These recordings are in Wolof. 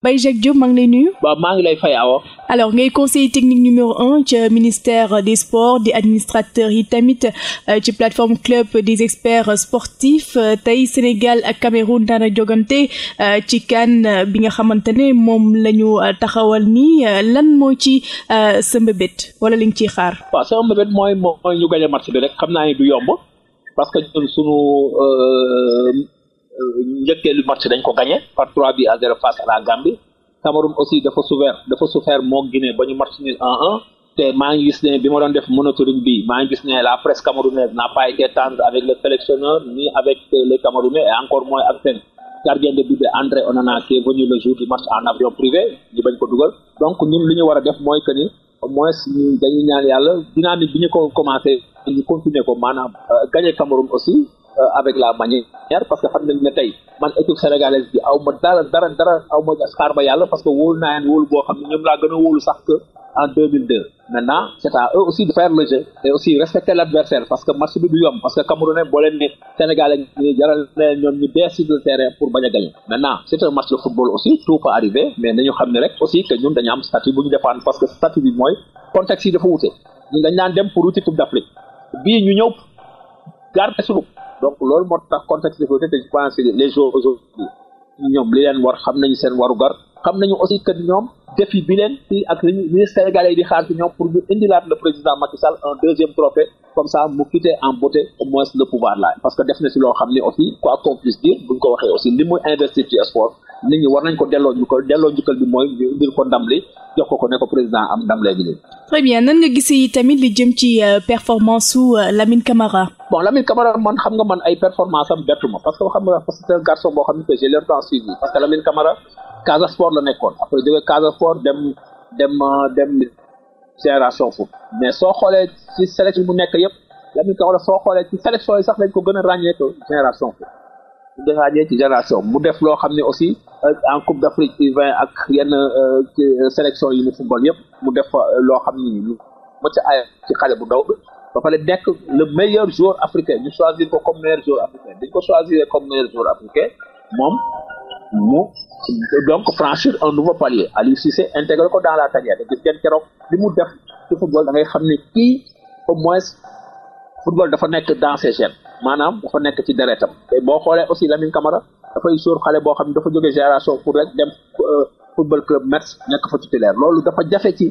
Baye Jacques Diop maa ngi lay nuyu. maa ngi lay fay awo. alors ngay conseiller technique numéro un ca ministère des sports di administrateur yi tamit euh, ci plateforme club des experts sportifs euh, tey Sénégal ak Cameroun daana jogante euh, ci kan bi nga xamante ne moom lañu taxawal nii lan moo ci sa mbébét wala li nga ciy xaar. waaw sama mbébét mooy mooy ñu gañe match bi rek xam naa ni du yomb parce que ñun njëkkeelu match dañ ko gagné par 3 bi à 0 face à la Gambie Cameroun aussi dafa souffert dafa souffert moo Guinée ba ñu match nul 1 te maa ngi gis ne bi ma doon def monitoring bi maa gis ne la presse camerounaise n'a pas été tendre avec le sélectionneur ni avec euh, les Camerounais et encore moins ak seen gardien de but André Onana qui venu le jour du match en avion privé ko dugal donc ñun li ñu war a def mooy que ni au moins dañuy ñaan yàlla dynamique bi ñu ko commencé ñu continuer ko maanaam euh, gagné Cameroun aussi Euh, avec la manière parce que xam ne tey man équipe sénégalaise bi aw ma dara dara dara aw ma xaar ba yàlla parce que wóolu naa leen wóolu boo xam ne ñoom laa gën a wóolu sax que en 2002 maintenant c'est à eux aussi de faire le et aussi respecter l'adversaire parce que match bi du yomb parce que Camerounais boo leen ne Sénégal ñoom ñu dee terrain pour bañ a maintenant c'est un match de football aussi tout arriver mais ne ñu défendre parce donc loolu moo tax contexte de sécurité te je pense que les jours aujourd'hui ñoom li leen war xam nañu seen warugar xam nañu aussi que ñoom défi bi leen fii ak li Sénégalais yi di xaar ci pour ñu indilaat le président Macky Sall un deuxième trophée comme ça mu quitter en beauté au moins le pouvoir là parce que def na si loo xam ne aussi quoi qu'on puisse dire buñ ko waxee aussi li muy investir ci sport nit ñi war nañ ko delloo njukkal delloo njukkal bi mooy mbir ko ndam li jox ko ko ne ko président am ndam léegi nii. très bien nan nga gisee tamit li jëm ci euh, performance su euh, Lamine Camara. bon Lamine Camara man xam nga man ay performance am bettu ma parce que xam nga c'est un garçon boo xam ne que j'ai longtemps suivi parce que Lamine Camara Casa Sport la nekkoon après jógee Casa Sport dem dem euh, dem. génération foot mais soo xoolee ci sélection bu nekk yëpp Lamine Kaolack soo xoolee ci sélection yi sax lañ ko gën a ràññee que génération foot mu ci génération mu def loo xam ne aussi euh, en coupe d' afrique ak yenn euh, euh, sélection yi mu football yëpp mu def loo xam ni lu ma ci ay ci xale bu ndaw bi ba pare nekk le meilleur joueur africain ñu choisir ko comme meilleur joueur africain dañ ko choisir comme meilleur joueur africain moom mu et donc franchir un nouveau palier Aliou Cissé intégré ko dans la carrière gis ngeen keroog li mu def ci football da ngay xam ne kii au moins football dafa nekk dans ses gènes maanaam dafa nekk ci deretam te boo xoolee aussi Lamine Camara dafay sóor xale boo xam ne dafa jógee génération pour rek dem euh, football club Metz nekk fa titulaire loolu dafa jafe ci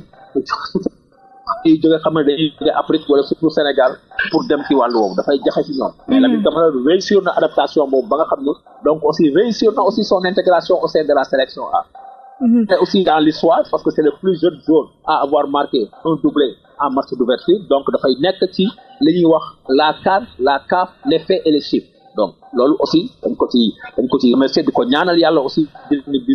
yi jóge xam ne dañuy jóge Afrique Sénégal pour dem ci wàllu woowu dafay jafe ci ñoom mm-hmm. mais Lamine Camara réussir na adaptation boobu ba nga xam ne donc aussi réussir na aussi son intégration au sein de la sélection A mm-hmm. dans l'histoire parce que c'est le plus jeune joueur à avoir marqué un doublé en match d'ouverture donc dafay nekk ci li ñuy wax la CAN la CAF les faits et les chiffres donc loolu aussi dañ ko ci dañ ko ci remercier di ko ñaanal yàlla aussi di bi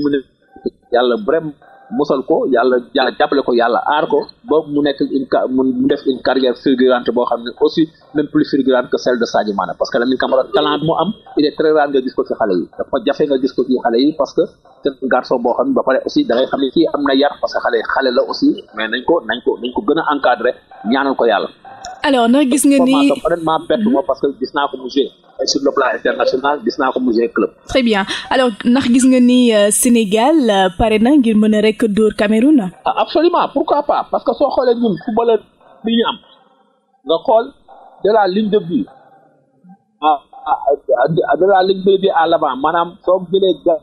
musal ko yàlla jàppale ko yàlla aar ko ba mu nekk une car mu def une carrière fulgurante boo xam ne aussi même plus fulgurante que celle de Sadio Mané parce que Lamine Camara talent bi mu am il très rare nga gis ko xale yi parce que c'est un boo xam ne ba pare aussi da ngay xam ne kii am na yar parce que xale la aussi mais nañ ko nañ ko nañ ko gën a encadré ñaanal ko yàlla. alors nag gis nga ni honnêtement bett ma parce que gis naa ko mu joué sur gis naa ko mu joué club. ndax gis nga ni euh, Sénégal euh, pare na ngir mën a rek dóor Cameroun. Ah, absolument pourquoi pas parce que soo xoolee ñun footballeur bi ñu am nga xool de la ligne de but ah de la ligne de but à l'avant maanaam soo jëlee ga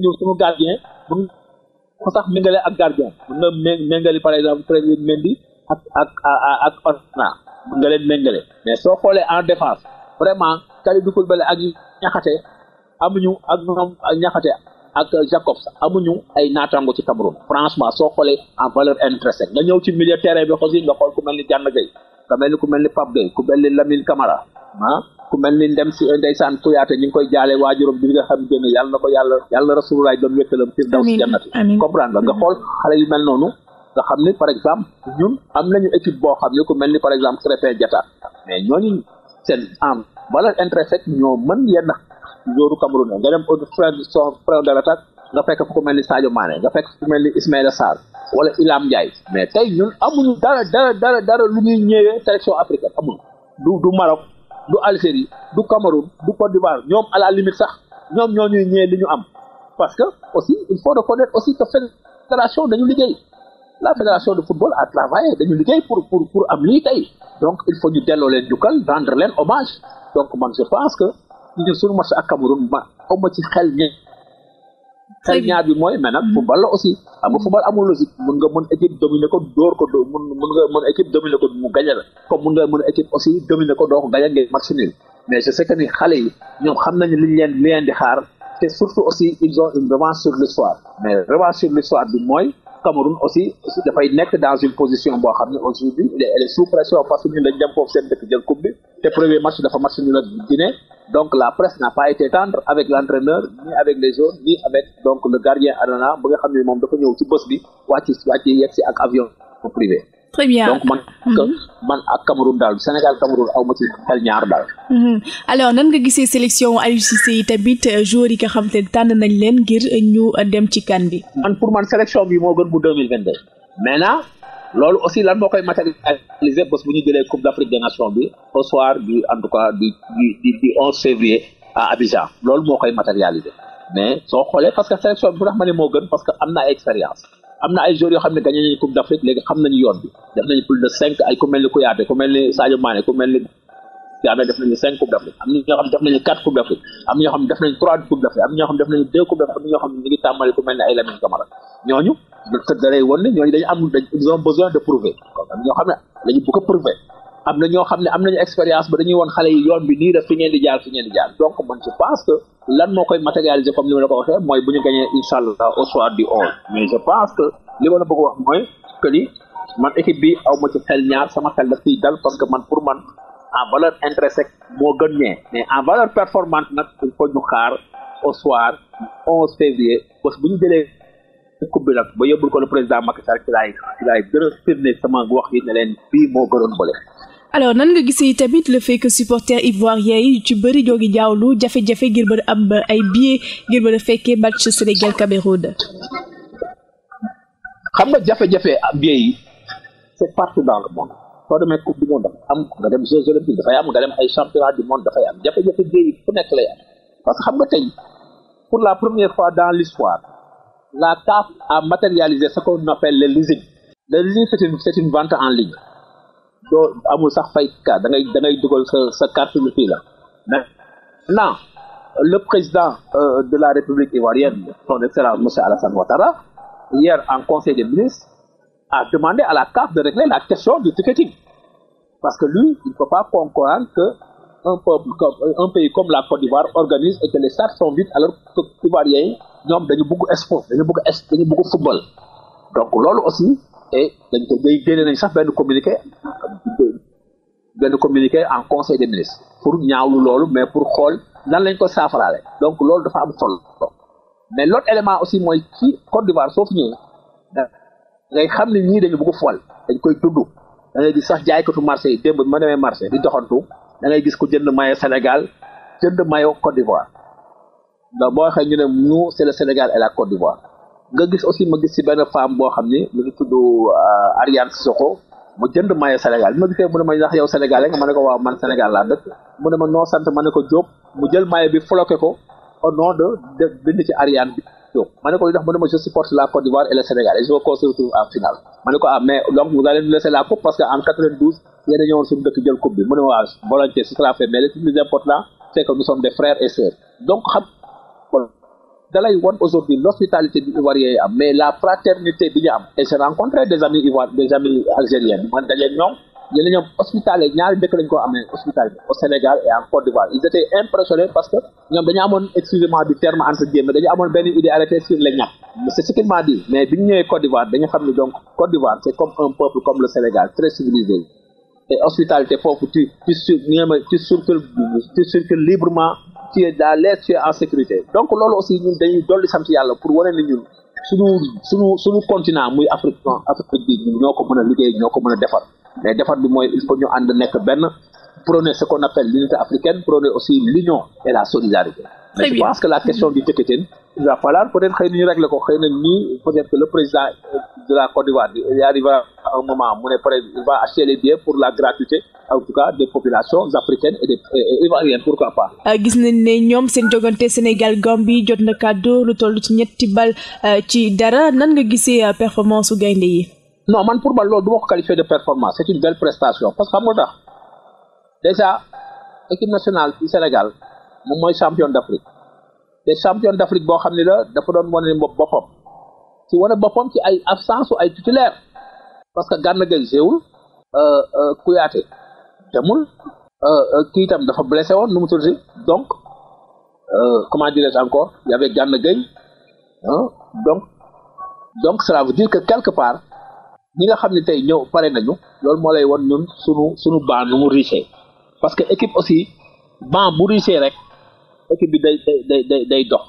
ñëw gardien mun ko sax ak gardien mun na méngale par exemple Premier Mendy ak ak ak Arsenal nga leen méngale mais soo xoolee en défense vraiment Kalidou Koulibaly ak Niakhaté amuñu ak ñoom Niakhaté ak Jacobs amuñu ay naataango ci Cameroun franchement soo xoolee en valeur intrinsèque nga ñëw ci milieu terrain bi aussi nga xool ku mel ni Gana Gueye ku mel ni ku mel ni Pape Gueye ku mel ni Lamine Camara ah, ku mel ni ndem si ndeysaan Kouyaté ñu ngi koy jaale waajuram bi nga xam génn yàlla na ko yàlla yàlla na Rasulullah doon wékkalam firdawsi nga xool xale yu mel noonu nga xam ni par exemple ñun am nañu équipe boo xam ne ku mel ni par exemple Krépin Diatta mais ñooñu seen am valeur intrinsèque ñoo mën yenn joueurs Cameroun mais tey ñun amuñu dara dara dara lu ñuy ñëwee sélection africaine amuñu du du Maroc du Algérie du Cameroun du Côte d'Ivoire ñoom à la limite sax ñoom ñoo ñuy ñëwee li ñu am parce que aussi il faut reconnaître aussi que fédération dañu liggéey la fédération de football a travaillé dañu liggéey pour pour am lii donc il faut ñu delloo leen jukkal rendre leen hommage donc man je pense que ñun suñu match ak Cameroun ma o ci xel ñaar bi mooy mais nag football la aussi xam nga football amul logique mun nga mën équipe dominer ko dóor ko mun mun nga mën équipe dominer ko mu gañe la comme mun nga mën équipe aussi dominer ko ko gañe ngay match nul mais je sais que ni xale yi ñoom xam nañu liñ leen li leen di xaar te surtout aussi ils ont une revanche sur Cameroun aussi dafay nekk dans une position boo xam ne aujourd'hui elle est sous pression parce que ñun dañ dem foofu seen dëkk jël coupe bi te premier match dafa match ñu la Guinée donc la presse n'a pas été tendre avec l'entraîneur ni avec les joueurs ni avec le gardien Anana ba nga xam ne moom dafa ñëw ci bës bi wàcc wàcc avion privé très bien donc man. Mhm. man ak Cameroun daal Sénégal Cameroun aw ma xel ñaar daal. Mhm. alors nan nga gisee sélection Aliou Cissé yi tamit euh, joueurs yi nga xam te tànn nañ leen ngir ñu dem ci kan bi. man pour man sélection bi moo gën bu deux mille vingt deux. maintenant loolu aussi lan moo koy matérialiser bés bu ñu jëlee coupe d' Afrique des nations bi au soir du en tout cas du onze février à Abidjan loolu moo koy matérialiser mais soo xoolee parce que sélection bu tax ma ne moo gën parce que am na expérience. am na ay joueurs yoo xam ne gagné coupe d'Afrique léegi xam nañu yoon bi def nañu plus de cinq coupe d'Afrique am na ñoo xam def nañu quatre coupe d'Afrique am ñoo xam def nañu trois coupe d'Afrique am ñoo xam ne def nañu coupe d'Afrique ñooñu dañu am dañ ils besoin de prouver am ñoo xam ne dañu bëgg prouver am na ñoo xam ne am nañu expérience ba dañuy woon xale yi yoon bi nii la fi ngeen di jaar fi ngeen di jaar donc man je pense que lan moo koy matérialiser comme li ko waxee mooy bu ñu gañee incha allah au soir du onze mais que li ma la man équipe bi aw ma ci xel ñaar sama xel daf ciy dal parce que man pour man en valeur intrinsèque moo gën ñee mais en valeur performante nag il faut ñu xaar au soir onze février parce que bu ñu jëlee coupe bi nag ba yóbbul ko le président Macky Sall ci laay ci laay gën a firnde sama wax yi ne leen bii moo gënoon bële alors nan nga gisee tamit le fait que supporters ivoiriens yi ci bëri ñoo ngi jaawlu jafe-jafe ngir mën a am ay billets ngir fekkee a fekkee match Sénégal Cameroun. xam nga jafe-jafe billets yi c'est partout dans le monde soo demee coupe du monde am nga dem Jeux olympiques dafay am nga dem ay championnat du monde dafay am jafe-jafe billets yi nekk lay parce que xam nga tey pour la première fois dans l'histoire la CAF a matérialisé ce qu'on appelle le leasing le leasing c'est en ligne. doo amul sax fay ngay da ngay dugal sa sa carte bi la maintenant le président euh, de la République ivoirienne son excellence monsieur Alassane Ouattara hier en conseil des ministres a demandé à la CAF de régler la question du ticketing parce que lui il ne peut pas comprendre que un peuple comme un pays comme la Côte d'Ivoire organise et que les sont vides alors que Ivoiriens yi ñoom dañu bëgg sport dañu bëgg dañu bëgg football donc loolu aussi et dañ ko génne nañ sax benn communiqué benn communiqué en conseil des ministres pour ñaawlu loolu mais pour xool nan lañ ko saafaraale donc loolu dafa am solo mais l'autre élément aussi mooy ci Côte d'Ivoire soo fi ñëwee ngay xam ni ñii dañu bëgg fool dañ koy tudd da ngay gis sax jaaykatu marché yi démb ma demee di doxantu da ngay gis ko jënd maillot Sénégal jënd maillot Côte d'Ivoire donc boo waxee ñu ne ñu Sénégal et la Côte d'Ivoire nga gis aussi ma gis ci benn femme boo xam ni mu ngi tudd euh, Ariane Sissoko mu jënd maillot mu ne ma ndax yow Sénégalais nga ma ne ko waaw man Sénégal mu ne ma noo sant ma ko Diop mu jël maillot bi floqué ko au nom de bind ci Ariane bi Diop ma ne ko li tax mu ne ma je ko ah, jël coupe bi mu ne ma waaw volontiers ce sera fait mais le plus important c'est que nous sommes des frères et sœurs donc xam dalay won aujourd'hui l'hospitalité bi ivoirien yi am mais la fraternité bi am et j'ai rencontré des amis ivoiriens des amis algériens man dañ leen ñoom yéen ñoom ko amee hospitalier au Sénégal et en Côte d'Ivoire ils étaient impressionnés parce que ñoom dañu amoon excusez du terme entre guillemets dañu amoon benn idée arrêtée sur les ñàkk c'est ce qu'il m'a dit mais bi ñu ñëwee d'Ivoire dañu xam donc Côte d'Ivoire c'est comme un peuple comme tu es à l'aise en sécurité donc loolu aussi ñun dañuy dolli sant yàlla pour wane ne ñun suñu suñu suñu continent muy Afrique Afrique bi ñun ñoo ko mën a liggéey ñoo ko mën a defar mais defar bi mooy il faut ñu ànd nekk benn prôner ce qu'on appelle l'unité africaine, prôner aussi l'union et la solidarité. Mais Très je pense bien. que la question du Teketin, il va falloir peut-être que ñu régler ko xëy na peut-être que le président de la Côte d'Ivoire il arrivera à un moment mu ne peut être il va acheter les billets pour la gratuité en tout cas des populations africaines et des ivoiriennes pourquoi pas. Euh, gis ne ñoom seen jogante Sénégal Gambie jot na kàddu lu toll ci ñetti bal euh, ci dara nan nga gisee euh, performance su gaynde yi. non ma ko qualifier de performance c'est une belle prestation déjà équipe nationale du Sénégal moom mooy champion d'Afrique te champion d'Afrique boo xam ni la dafa doon wane boppam ci wane boppam ci ay absence su ay titulaire parce que Gana Gueye jéewul euh, euh, Kouyaté demul euh, kii itam dafa blessé woon nu mu tudd donc comment dirais-je encore y avait Gana Gueye donc donc cela veut dire que quelque part ñi nga xam ne tey ñëw pare nañu loolu moo lay woon ñun sunu sunu baa nu mu riche parce que équipe aussi ban bu riche rek équipe bi day day day day dox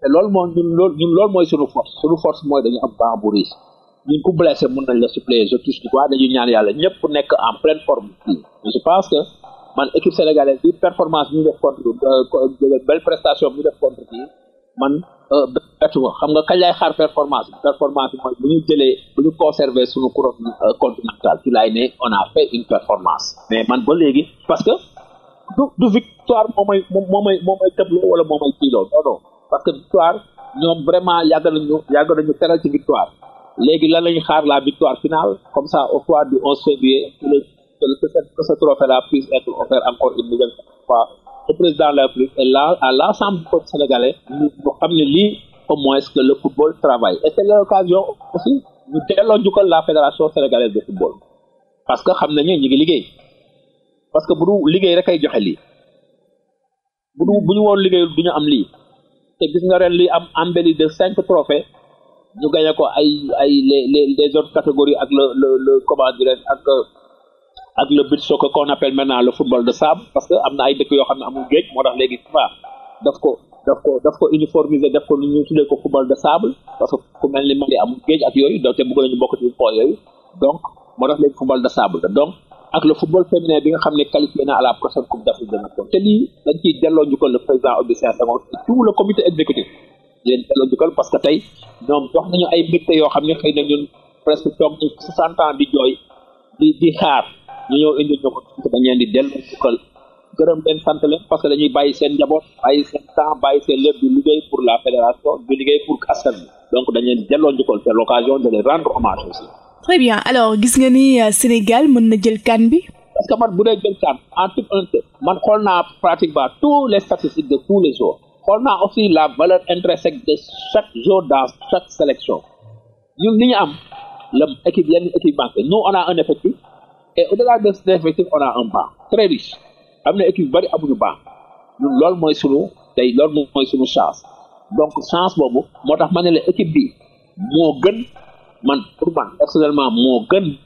te loolu moom ñun loolu ñun loolu mooy suñu force suñu force mooy dañu am ban bu riche ñun ku blessé mën nañ la suppléer je touche du dañu ñaan yàlla ñëpp nekk en pleine forme je pense que man équipe sénégalaise bi performance bi ñu def contre euh, belle prestation bi ñu def contre kii man euh, bettu ma xam nga kañ laay xaar performance performance bi mooy bu ñu jëlee bu ñu conserver suñu couronne euh, continentale ci laay ne on a fait une mais man ba léegi parce que du du victoire moo may moo may moo may wala moo may tiiloo non parce que victoire ñoom vraiment yàgg nañu yàgg nañu teral ci victoire léegi la lañu xaar la victoire finale comme ça au soir du 11 février que ce que ce être offert encore une nouvelle fois au président la République à l'ensemble du peuple sénégalais ñu xam ne li au moins que le football travaille et c'est l'occasion aussi ñu delloo njukkal la fédération sénégalaise parce que xam nañu ñu liggéey. parce que bu du liggéey rek ay joxe lii bu du bu ñu woon liggéeyul du ñu am lii te gis nga ren lii am embelli de cinq trophées ñu gagné ko ay ay les les les autres catégories ak le le le comment dirais ak ak le beach soccer qu'on appelle maintenant le football de sable parce que am na ay dëkk yoo xam ne amul géej moo tax léegi FIFA daf ko daf ko daf ko uniformiser daf ko nu ñu tuddee ko football de sable parce que ku mel ni Mali amul géej ak yooyu donc te bëgg nañu bokk ci sport yooyu donc moo tax ak le football féminin bi nga xam ne qualifié na à la prochaine coupe d'Afrique des Nations te lii dañ ciy delloo njukkal le président Augustin Senghor tout le comité exécutif di parce que tey ñoom jox nañu ay mbégte yoo xam ne xëy na ñun presque toog ñu soixante ans di jooy di xaar ñu ñëw indi ñu ko dañ di delloo njukkal gërëm leen sant leen parce que dañuy bàyyi seen njaboot bàyyi seen temps bàyyi seen lépp di liggéey pour la fédération di liggéey pour askan donc dañ di delloo njukkal c'est très bien alors gis nga ni euh, Sénégal mën na jël kan bi. parce que man bu dee jël kan en toute man xool naa pratiquement tous les statistiques de tous les jours xool naa aussi la valeur intrinsèque de chaque jour dans chaque sélection ñun li ñu am la équipe yenn équipe manqué nous on a un effectif et au-delà de cet effectif on a un banc très riche am na équipe bari amuñu banc ñun loolu mooy sunu tey lool mooy sunu chance donc chance boobu moo tax ma ne la bi moo gën. man pour man personnellement moo gën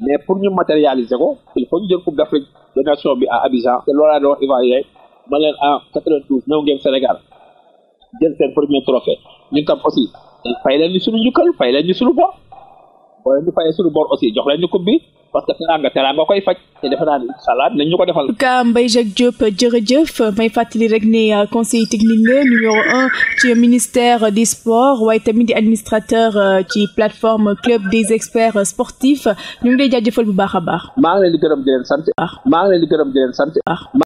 mais pour ñu matérialiser ko il faut ñu jël coupe d'Afrique de nation bi à Abidjan te loolaa doon évaluer ma leen en 92 ñëw ngeen Sénégal jël seen premier trophée ñu tam aussi fay leen ñu suñu njukkal fay leen ñu suñu bor boo leen ñu fayee suñu bor aussi jox leen ñu coupe bi parce que teraanga teraanga koy faj te defe naa ne ñu ko defal. en tout cas Mbaye Jacques Diop jërëjëf may fàttali rek ne euh, conseiller technique la numéro un ci ministère des sports waaye tamit di administrateur euh, ci plateforme club des experts sportifs ñu ngi lay jaajëfal bu baax a baax. maa di gërëm di leen sant. Ah. maa ngi leen di gërëm di leen sant. Ah.